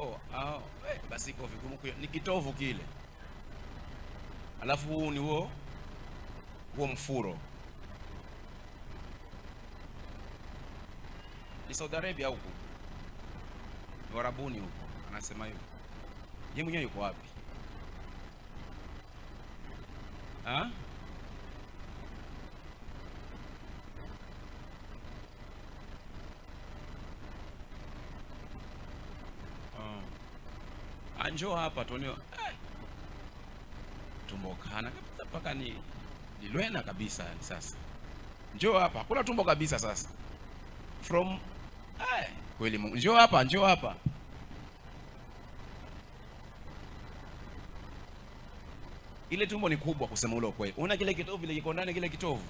oh, oh, eh, basi iko vigumu kuyo. Ni kitovu kile, alafu huu ni huo huo mfuro ni Saudi Arabia huku ni warabuni huku, anasema hivyo. Yeye mwenyewe yuko wapi Ah? njoo hapa tuoneo eh. Tumbo kabisa mpaka ni nilwena kabisa yani, sasa njoo hapa, hakuna tumbo kabisa sasa from eh, kweli Mungu, njoo hapa, njoo hapa ile tumbo ni kubwa, kusema ule ukweli. una kile kitovu ile kiko ndani, kile kitovu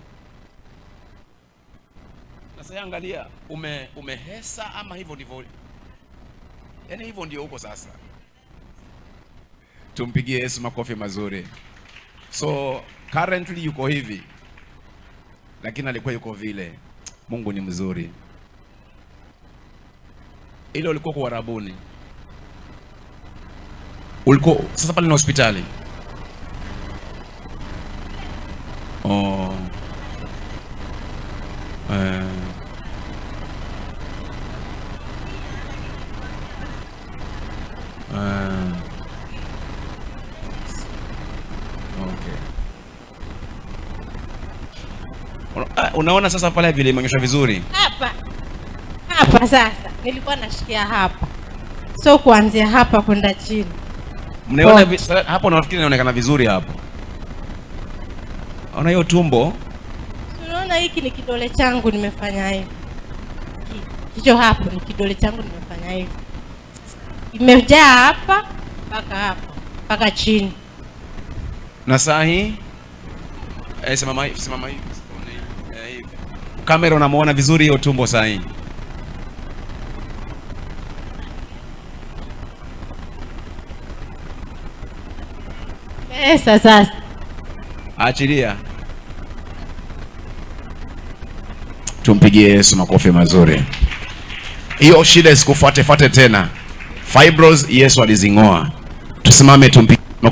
sasa. Angalia, ume umehesa ama hivyo ndivyo, yaani hivyo ndio huko sasa. Tumpigie Yesu makofi mazuri. So currently yuko hivi, lakini alikuwa yuko vile. Mungu ni mzuri. Ile ulikuwa kwa Uarabuni, ulikuwa sasa pale na hospitali oh. Eh. Eh. Okay. Unaona sasa pale vile imeonyeshwa vizuri hapa hapa. Sasa nilikuwa nashikia hapa, so kuanzia hapa kwenda chini mnaona hapo, nafikiri inaonekana vizuri hapo. Ona hiyo tumbo, unaona hiki ni kidole changu, nimefanya hivi. Hicho hapo ni kidole changu, nimefanya hivi, imejaa hapa mpaka hapa mpaka chini na saa hii eh, simama hivi, simama hivi eh, kamera unamuona vizuri hiyo tumbo saa hii pesa. Sasa achilia, tumpigie Yesu makofi mazuri. Hiyo shida isikufuate fate tena. Fibros Yesu alizing'oa. Tusimame tumpigie